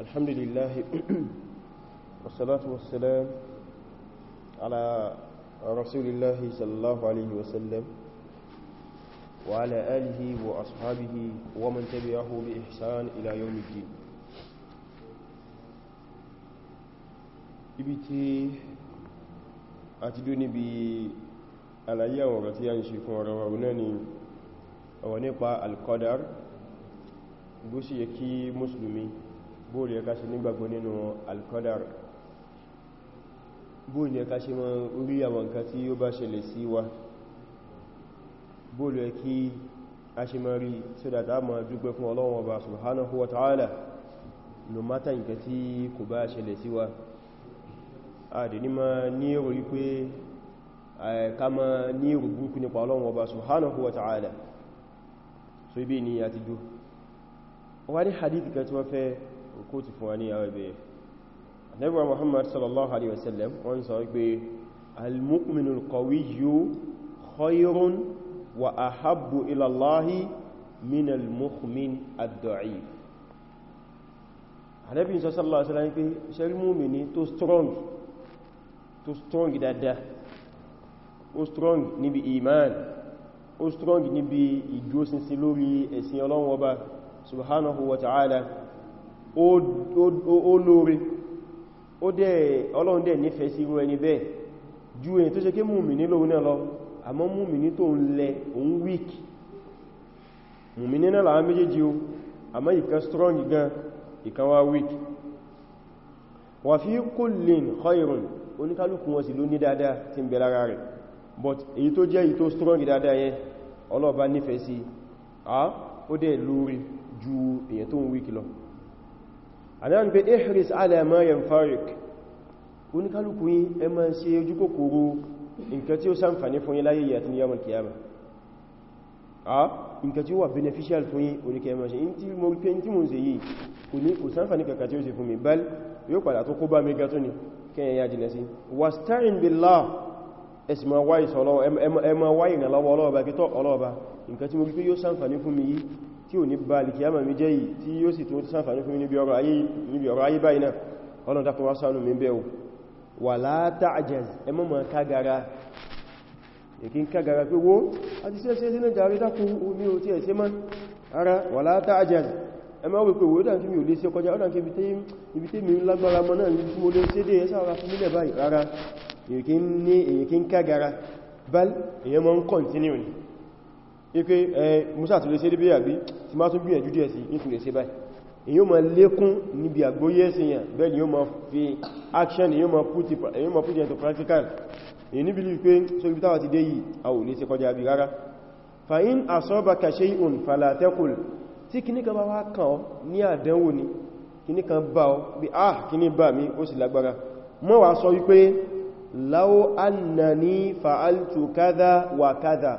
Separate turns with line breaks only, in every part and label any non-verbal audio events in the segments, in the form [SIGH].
الحمد لله [CLEARS THROAT] والصلاة والسلام على رسول الله صلى الله عليه وسلم وعلى آله وأصحابه ومن تبعه بإحسان إلى يوم الدين ibi tí a ti dó níbi àlàyé àwọn ọ̀rọ̀ tí bóòlù ẹka ṣe nígbàgbọ́ nínú al-qadar bóòlù ẹka ṣe mọ́ orí àwọn nǹkan tí ó bá ṣẹlẹ̀ sí wa bóòlù ẹkí a ṣe mọ́ rí sódàtà mọ́ dúgbẹ́ fún Ọlọ́run Ọba subhanahu wa ta'ala hadith kan tí wọ́n fẹ́ kóòtù fún wa ní àwọn ìbẹ̀rẹ̀ anẹ́bùwa muhammad sallallahu alaihi wasallam wọ́n sọ pé al-mu'minul qawiyyu khayrun wa ahabbu ilallahi minal mu'min ad-da'if anẹ́bì sọ sallallahu alaihi wasallam pé ṣẹ́rí mu'mini tó strong tó strong dada ó strong níbi iman ó strong níbi ìdúróṣinṣin lórí ẹ̀sìn ọlọ́run ọba subhanahu wa ta'ala ó lóore ó dẹ̀ ọlọ́run dẹ̀ nífẹ̀ẹ́ sí irú ẹni bẹ́ẹ̀ ju èyí tó ṣe kí mùmìní lóhun náà lọ àmọ́ mùmìní tó ń lẹ òun wíkì mùmìní náà làwọn méjèèjì o àmọ́ ìkan strong gan ìkan wá wíkì wà fi kullin khairun oníkálùkù wọn sì ló ní dáadáa tí ń bẹ lára rẹ̀ but èyí tó jẹ́ èyí tó strong dáadáa yẹn ọlọ́ọ̀bá nífẹ̀ẹ́ sí ó dẹ̀ lóore ju èyí tó ń wíkì lọ àdáwọn ni pé ihris ala ma yanfa'uk oníkálùkù yí ẹ ma ń ṣe ojú kòkòrò nǹkan tí ó ṣàǹfàní fún yín láyé àti ní yawm al-qiyamah a nǹkan tí ó wà beneficial fún yín oníkẹ́ ma bal yóò padà tó kó bá mi ya jìnà sí wasta'in billah ẹsì ma wáyìí sọ ọlọ́wọ́ ẹ ma wáyìí ìrànlọ́wọ́ ọlọ́ọ̀bá kí tọ́ ọlọ́ọ̀bá nǹkan tí mo rí pé yóò ṣàǹfàní fún mi yìí tí ò ní bá alìkìyàmà mi jẹ́ yìí tí yóò sì tún sáfàní fún níbi ọ̀rọ̀ ayé báyìí náà ọlọ́n dákùn wá sánú mi bẹ̀wò wà látàjẹ̀z ẹmọ́ mọ̀ kágara èkín kágara ara wà látàjẹ̀z ẹmọ́ wí pé wòó dákùn mi ò lè ṣe kọjá ọ̀nà ibi tí mi lágbára mọ́ náà ní mo ṣe dé ẹsà ara fún nílẹ̀ báyìí rárá èkín ní èkín kágara bal èyẹ mọ́ ń kọ̀ntínú ni ipé ẹ musa tó lè ṣe débé àgbí tí má tún gbìyànjú díẹ̀ sí ìfìlè ṣe báyìí èyí ma lékún níbi àgbóyé ẹ̀sìyàn bẹ́ẹ̀ ni yóò ma fi action èyí ma put it into practical èyí níbi lè pé so ibi táwà ti dé yìí a ò ní ṣe kọjá bí rárá fa'in ah, annani fa'altu kadha wa kadha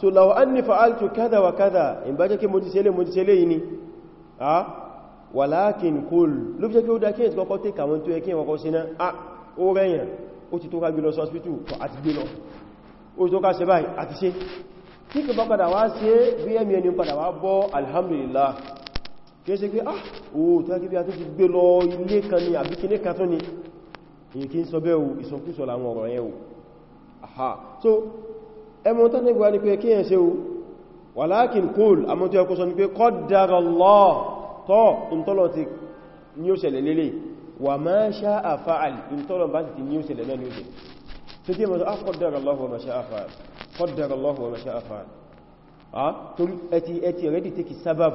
so law anni fa'altu kada wa kada in ba jẹ́ kí mo ti ṣe lè mo ti ṣe lè yìí ni a walakin kul ló fi jẹ́ kí ó dá kí ẹ̀ tí kọ́kọ́ tí kàwọn tó yẹ kí ẹ̀kọ́kọ́ sí náà ó rẹ̀yàn ó ti tó ká gbé lọ sí alhamdulillah kí ṣe ah ó tó yẹ kí bí a tó ti gbé lọ ilé kan ni àbí aha so ẹmọ tó nígbà ní pé kí ẹ̀ ṣe o walakin kúl àmọ́ tó ẹkọ́ sọ ní pé qaddarallah tọ́ ìntọ́lọ̀ ti ní ó ṣẹlẹ̀ lélẹ̀ wa ma sha'a fa'al ìntọ́lọ̀ bá ti ní ó ṣẹlẹ̀ lẹ́nu ìṣẹ́ tó kí mọ̀ ah, qaddarallah wa ma sha'a fa'al qaddarallah wa ma sha'a fa'al torí ẹti ẹti rẹ̀dì tẹ́kì sábàb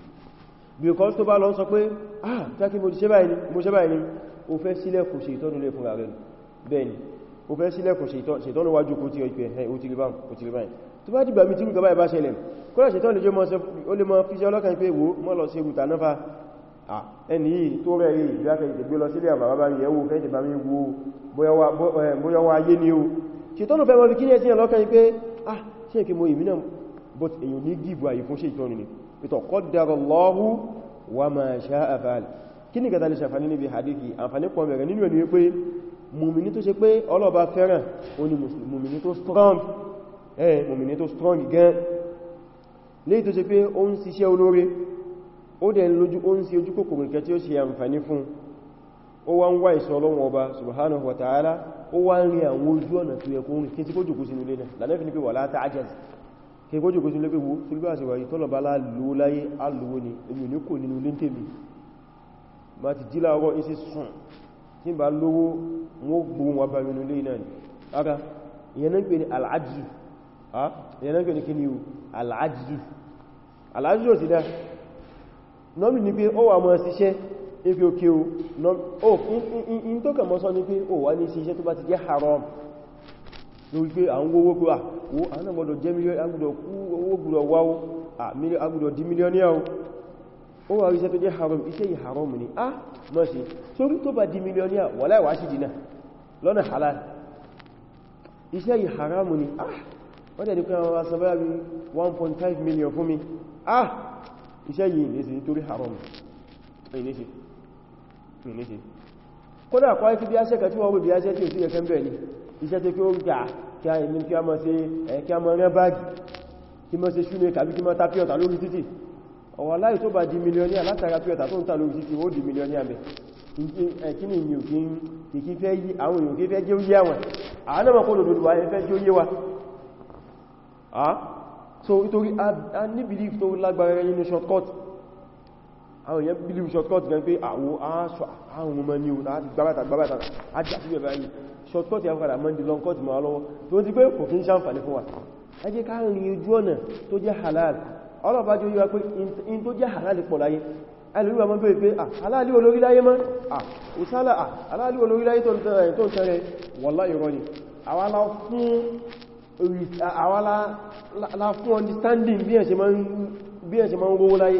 because tó bá lọ sọ pé ah jákí mo ṣe báyìí ni o fẹ́ sílẹ̀kùn ṣe le lè fún ààrẹ bẹ́ẹ̀ni o fẹ́ sílẹ̀kùn ṣe ìtọ́nù wájú kó tí ó ìpẹ̀ ẹ̀ òtìlìbáyìí tó bá dìgbà mi tí nǹkan báyìí bá ṣẹlẹ̀ kọ́lá ṣe tọ́lẹ̀ jẹ́ mọ́ fi ṣe ọlọ́kàn pé wo mọ́ lọ sí ẹgbùta náà fa ẹni yìí tó rẹ̀ rí ìgbáfẹ́ ìtẹ̀gbé lọ sílẹ̀ àbàbà bá mi ẹwú fẹ́ ìtẹ̀bá mi wo bóyá wá ayé ni ó ṣe tọ́lù fẹ́ mọ́ fi kí ní ẹsí ọlọ́kàn pé ah ṣe kí mo ìmìnà but èyàn ní gígbà ìfún ṣe ìtọ́nù ni ìtọ̀ qaddarallahu wa ma sha'a fa'al kí ní gata lè ṣàfàní níbi hadithi àǹfàní pọ̀ mẹ́rẹ̀ nínú ẹni wípé mùmìní tó ṣe pé ọlọ́ba fẹ́ràn ó ní mùmìní tó strong ẹ̀ mùmìní tó strong gan léyìí tó ṣe pé ó ń ṣiṣẹ́ olóore ó dẹ̀ ń lójú ó ń ṣe ojú kòkòrò kẹ tí ó ṣe àǹfàní fún kí kójú kó sí lé pé wo tí ló bá sì wáyé tọ́lọ̀bá lálòó láyé alòó ni èmi ò ní kò nínú ilé tèmi ma ti jílá ọwọ́ isi sùn tí bá lówó wọ́n gbóhun wà bá nínú ilé náà ni ara ìyẹn náà pè ní al'ajizu ìyẹn náà pè ní in tó kà mọ́ sọ ní pé ó wà ní haram lórí pé à ń wówó pé àwọ́ àánàmọ́dọ̀ jẹ́ mílíọ̀nì agbùdọ̀ kú owó gbùdọ̀ wáwó agbùdọ̀ di mílíọ̀nìyà ó wà ríṣẹ́ tó jẹ́ haram iṣẹ́ yìí haram ni a mọ́ sí sórí tó bá di mílíọ̀nìyà wà láìwá sí dínà lọ́nà halal iṣẹ́ yìí haram ni a wọ́n tẹ́ dìkọ́ àwọn asọ́bẹ́rẹ́ bí 1.5 million fún mi a iṣẹ́ yìí ní sí nítorí haram kódà kọ́ ikú bí a ṣẹ́kà tí wọ́n wọ́n bí a ṣẹ́ tí ò sí ẹ̀kẹ́ bẹ́ẹ̀ ni iṣẹ́ tó kí ó ń gbà kí a èmi kí a mọ́ sí ẹ̀kí a mọ́ rẹ́ báàgì kí mọ́ sí ṣúnmẹ́ kàbí kí mọ́ ta píọ̀tà lórí títì ọ̀wọ̀ láì tó bá di mílíọ̀níà látara píọ̀tà tó ń ta lórí títì ó di mílíọ̀níà shortcut àwọn èèyàn believe shortcut gan pé àwọ àwọn ọmọ ní òun láti ah, gbábátà gbábátà àti àti bẹ̀rẹ̀ ayé shortcut ya fara mọ́ndí long cut ma lọ́wọ́ tó ti pé kò kí ń ṣàǹfàní fún wa ẹ jẹ́ ká rìn ojú ọ̀nà tó jẹ́ halal ọlọ́pàá jẹ́ yíwa pé in tó jẹ́ halal pọ̀ láyé ẹlúwà mọ́ bèèrè pé ah, aláàlí olórí láyé mọ́ ah, òsálà aláàlí olórí láyé tó ń tẹ́rẹ wọ́lá ìrọ́ ni àwálá understanding bí ẹ̀ ṣe máa ń rówó láyé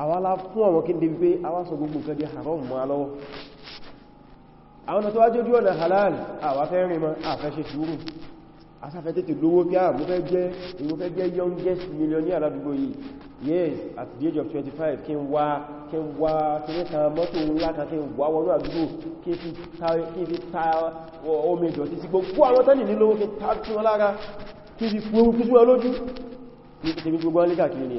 àwálá fún àwọn kí n débi pé àwá sọ gbogbo nǹkan di haram mọ́ alọ́wọ́ àwọn tó wájú ojú ọ̀nà halal àwá fẹ́ rìn mọ́ àfẹ́ ṣe sùúrù asáfẹ́ tètè lówó pé àmú fẹ́ jẹ́ èyí fẹ́ jẹ́ youngest millionaire aládùgbò yìí yes at the age of 25 kí n wá kí n wá kí ní kan mọ́tò ńlá kan kí n wá wọnú àdúgbò kí n fi ta omi ìdọ̀tí sí gbogbo àwọn tánì nílówó kí n ta tún wọn lára kí n fi fún orúkú sí wọn lójú ní kìtẹ̀mí gbogbo wọn lé káàkiri ni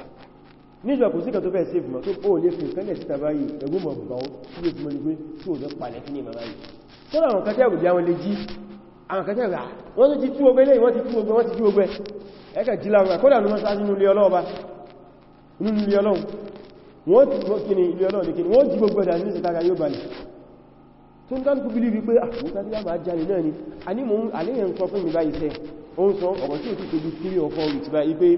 níjọ kò síkà tó fẹ́ sí ìfìmọ̀ tó ó lè fi ìfẹ́lẹ̀ síta báyìí ẹgbùn mọ̀ bọ̀ tí ó fi mọ̀ nígbé tí ó lọ palẹ̀ kí ní ìmọ̀ báyìí tó rà àwọn kẹtẹ́ ìrùdí àwọn lè jí àwọn kẹtẹ́ ah, rà wọ́n ti tú ogbé lẹ́yìn wọ́n ti tú ogbé wọ́n ti tú ogbé ẹkà jí láwọn kọ́dà ló mọ́sá nínú ilé ọlọ́ọ̀ba nínú ilé ọlọ́run wọ́n ti gbọ́ kí ni ilé ọlọ́run ní kí ni wọ́n jí gbogbo ẹ̀dà nínú ìtara yóò balẹ̀ tó ń kálùkù bílí ah, a ní mò ń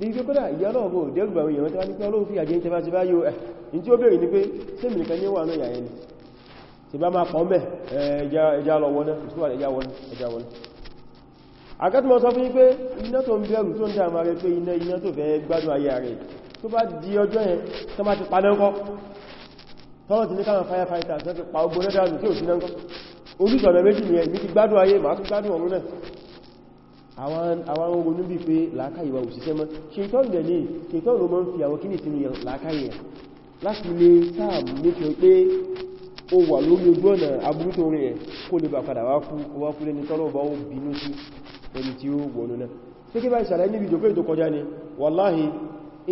ní pé kódà ìyá náà bò dẹ́rùbà àwọn èèyàn tí wá ní pé ọlọ́run fi àjẹ́ ìtẹba ti bá yóò ẹ̀ ní tí ó bèèrè ní pé sẹ́mì nìkan ní wà náà yà ẹni tí bá máa pọ̀ọ́mẹ́ ẹja lọ wọ́ná ìsúwà ẹja wọ́ná akẹ́tùmọ̀ sọ fún yí pé iná tó ń bẹ̀rù tó ń dá àmà rẹ̀ pé iná iná tó fẹ́ gbádùn náà àwọn ronú bí pé làákàyè wa òṣìṣẹ́ mọ́ ṣetán dẹ̀ ní ṣetán ló mọ́ ń fi àwọn kíní sínú làákàyè láti lè sáà nífẹ́ pé ó wà lórí ojú ọ̀nà aburú tó rí ẹ̀ kó lè bà padà wá fún lẹ́ni tọ́lọ̀ bá ó bínú sí ẹni tí ó wọ̀nú náà tí kí bá ìṣàlẹ̀ níbi ìjọpé ìtò kọjá ni wàláhì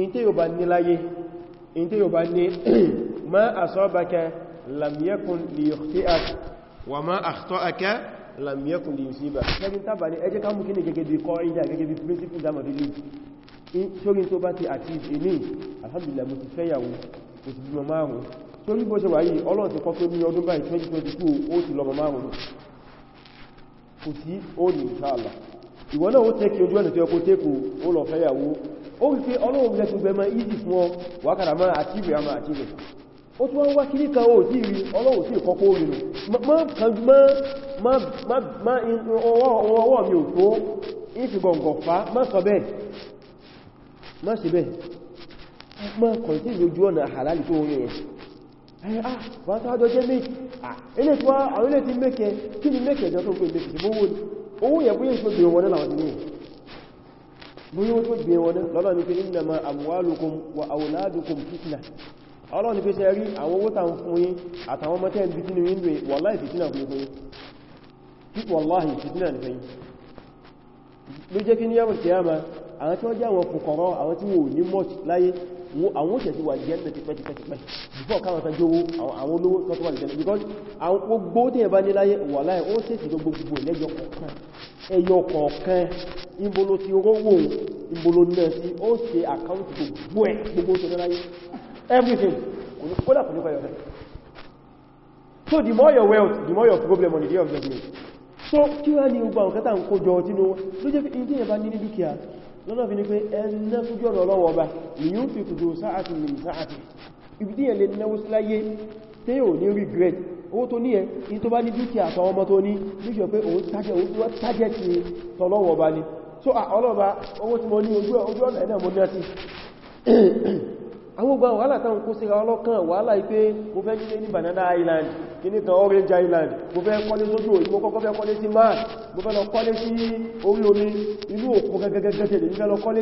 in yóò bá ní láyé in yóò bá ní [CLEARS THROAT] ma asabaka lam yakun li yukhti'ak wa ma lam yakun li yusiba ṣẹ́bí tàbà ní ẹjẹ́ káàmù kí ní gẹ́gẹ́ bí kọ́ ìdá gẹ́gẹ́ bí principle dama délé ṣórí tó bá ti àti ìní alhamdulillah mo ti fẹ́yàwó mo ti bímọ márùn ṣórí bó ṣe wà yìí ọlọ́run ti kọ́ pé ní ọdún báyìí 2022 ó ti lọ́mọ márùn kò sí ó ní ìṣàlá ìwọ náà ó tẹ́kì ojú ẹ̀nà tí ọkọ̀ tẹ́kù lọ fẹ́yàwó ó rí pé ó tí wọ́n wá kí níkan ó tí rí ọlọ́wọ́ tí ìkọ́kọ́ ma ọwọ́ mi ò tó ìfìgọ̀ǹgọ̀ fà má sọ bẹ́ẹ̀ má sì bẹ́ẹ̀ ma kàn tí ìlójú ọ̀nà àhàlálì tó orin ẹ̀ ah wọ́n ah tó gbé wọn ní ọlọ́ni pé ṣe rí àwọn owó tàn fún yín àtàwọn ọmọ tẹ́ẹ̀ bìtínú wíńdò wàláì fìtínà fún yín wàláì fìtínà ní fẹ́yìn ló jẹ́ kí ní yàmù kìyàmà àwọn tí wọ́n jẹ́ àwọn fòkọ̀rọ̀ àwọn tí wọ́n ní mọ́t láyé àwọn òṣèṣì wà jẹ́ mẹ́tí pẹ́tipẹ́tipẹ́ before káwọn tán jówó àwọn olówó tó wà jẹ́ because àwọn gbogbo tí ẹ bá ní láyé wà láyé ó ṣèṣì tó gbogbo lẹ́yọ kọ̀ọ̀kan ẹyọ kọ̀ọ̀kan ìbolo ti rówó ìbolo náà sí ó ṣe àkáǹtì gbogbo ẹ̀ gbogbo tó láyé everything kódà kò ní kọ́ yọ̀fẹ́ so the more your wealth the more your problem on the day of judgment so kí wá ní ogbà òkẹta ń kó jọ tínú wọn ló jẹ́ fi ní ẹ̀bá ní ní dúkìá lọ́nà fi ní pé ẹnà fújọ́ lọ́wọ́ ọba ni yóò fi kùdó sáàtì ní sáàtì ibi díẹ̀ lè náwó sí láyé tí yóò ní regret owó tó ní ẹ so ọlọ́ba owó tí mo àwọn gbogbo wàhálà táwọn kó síra ọlọ́kàn wàhálà ipé mo fẹ́ nílé ní Banana Island kìíní kan Orange Island mo fẹ́ kọ́lé sójú òyìn mo kọ́kọ́ fẹ́ kọ́lé sí mars mo fẹ́ lọ kọ́lé sí orí omi inú òkun gẹ́gẹ́gẹ́gẹ́ lè fẹ́ lọ for a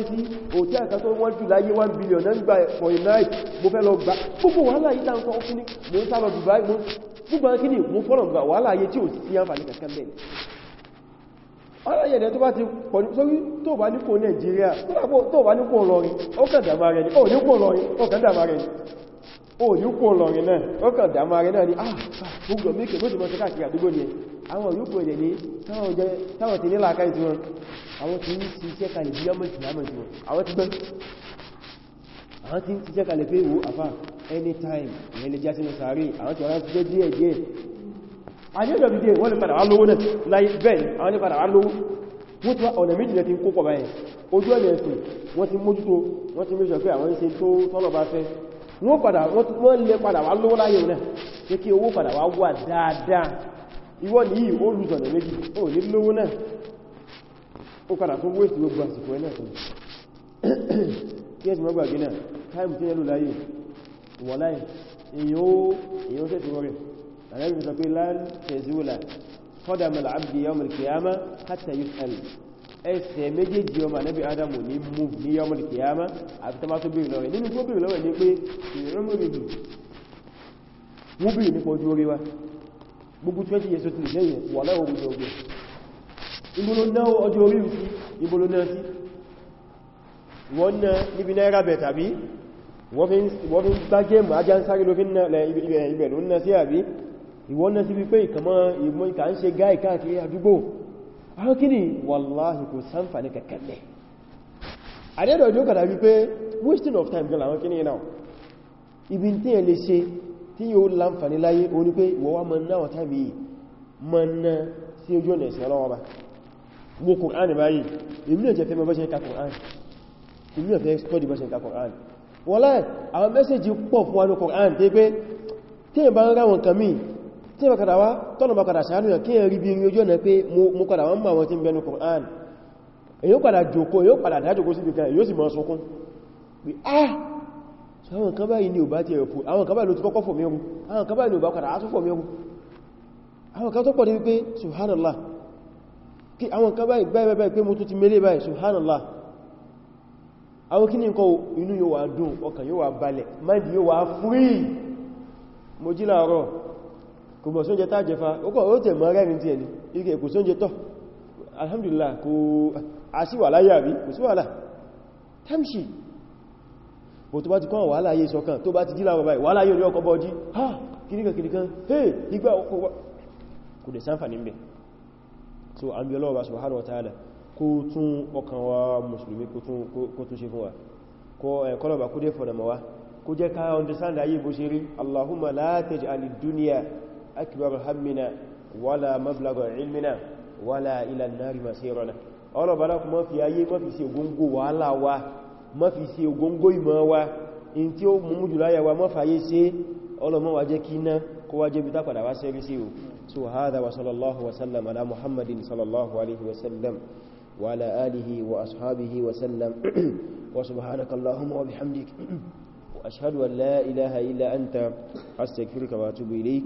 night mo fẹ́ lọ gbà gbogbo wàhálà yìí táwọn kan ó fún ní mo ń sá lọ Dubai mo aláyẹ̀dẹ̀ tó bá ti pọ̀lú sórí tó bá nípò Nàìjíríà tó bá nípò lọrin ó rẹ̀ ní ó nípò lọrin ó rẹ̀ ní ó nípò náà rẹ̀ ti mọ́ sí káàkiri àjẹ́jọ́ bí dé wọ́n lè padà alówó náà láyé bẹ́ẹ̀ àwọn lè padà alówó wọ́n ti wá ọ̀nà méjì lẹ́ti ń kó pọ̀ báyìí ojú ọ̀nà ẹ̀sìn wọ́n ti mójútó wọ́n ti méjọ pé àwọn ń ṣe tó tọ́lọ̀ bá fẹ́ wọ́n padà wọ́n lè padà wá lówó láyé náà pé kí owó padà wá wà dáadáa ìwọ ni yìí ó lùzọ̀ ọ̀nà méjì ó ní lówó náà ó padà fún wéèsì gbogbo àsìkò ẹ̀ náà fún kí ẹ̀sìn mọ́gbàgbé náà táìmù tí yẹn lò láyé wọ̀ láyé èyàn ó èyàn ó tẹ́sì wọ́rẹ̀ àrẹ́bì sọ pé lan tezula fọ́dàmàlà abdi yawmal kìyàmá hatta yus'al ẹsẹ̀ méjèèjì ọmọ ànábì adamu ní mú ní yawmal kìyàmá àti tó má tó bèèrè lọ́wẹ́ nínú tó bèèrè lọ́wẹ́ ní pé ìrìnrìnrìn mú bèèrè nípa ojú orí wa gbogbo 20 years tó lẹ́yìn wà láwọn ojú ogun ìgbòlò náà ọjọ́ orí sí ìgbòlò náà sí wọ́n fi ń gbá gẹ́mù ajá ń sáré lófin náà ibẹ̀ lónà sí àbí ìwọ́n náà sí wípé ìkàmọ́ ìmọ̀ ìkà ń ṣe gáì káàkiri àdúgbò àwọn kí ni wàláhì kò sáǹfàní kẹkẹ̀lẹ̀ àdẹ́dọ̀ ìjọ́ kàdà wípé wasting of time gẹ́lá àwọn kí ni náà ibi tí ẹ lè ṣe tí yóò láǹfàní láyé o ní pé wọ́wá mọ́ náà tàbí mọ́ náà sí ojú ọ̀nà ìsìn ọlọ́wọ́ bá gbogbo Qur'an báyìí èmi náà jẹ́ fẹ́ mọ́ bá ṣe ka Qur'an èmi náà fẹ́ study bá ṣe ka Qur'an wọ́lá àwọn mẹ́sẹ̀jì pọ̀ fún wa ní Qur'an tí pé tí ìbá ń ráwọn kàmí tí ma kàdà wá tọ́nà ma kàdà sàánú yà kí ẹ rí bí i ojú ọ̀nà pé mo kàdà wọ́n máa wọ́n tí ń bẹnu Qur'an èyí ó padà jòkó èyí ó padà dájòkó sí ibìkan èyí ó sì máa sọkún pé ah àwọn kan báyìí ni ò bá ti ẹ̀fù àwọn kan báyìí ló ti kọ́kọ́ fòmí ọmú àwọn kan báyìí ni ò bá padà á tún fòmí ọmú àwọn kan tó pọ̀ ní wípé subhanallah kí àwọn kan báyìí báyìí báyìí pé mo tún ti mẹ́lẹ̀ báyìí kò mọ̀ sóúnjẹ tá jẹfa ó kọ̀ ó tẹ̀ mọ́ rẹ́rin tí ẹni ike kò tọ́ alhamdulillah kò àṣíwà láyà rí kò síwàlá tamshi bò tó bá ti kọ́ wàhálà yé sọkàn tó bá ti jí láwọ̀ báyìí wàhálà yóò ní ọkọ̀ bọ́jí ha kìníkan kìníkan hey igbá ọkọ̀ wá kò dẹ̀ so an bí ọlọ́wọ́ subhanahu wa ta'ala kó tún ọkàn wa mùsùlùmí kó tún ṣe fún wa understand ayé bó ṣe rí allahumma la أكبر همنا ولا مبلغ علمنا ولا إلى النار مسيرنا ọlọ́ bá lákùn mọ́ fi ayé mọ́ fi ṣe ògóngó wàhálà wa mọ́ fi ṣe ògóngó ìmọ̀ wa in tí ó mú jùlọ ayẹwa mọ́ fàyé ṣe ọlọ́mọ́ wa jẹ́ kí iná kó wá jẹ́ bí tápàdà wá sẹ́rí sí o so hádà wa sallallahu wasallam ala muhammadin sallallahu alaihi wasallam wa ala alihi wa ashabihi wasallam wa subhanakallahumma wa bihamdik wa ashhadu an la ilaha illa anta astaghfiruka wa atubu ilayk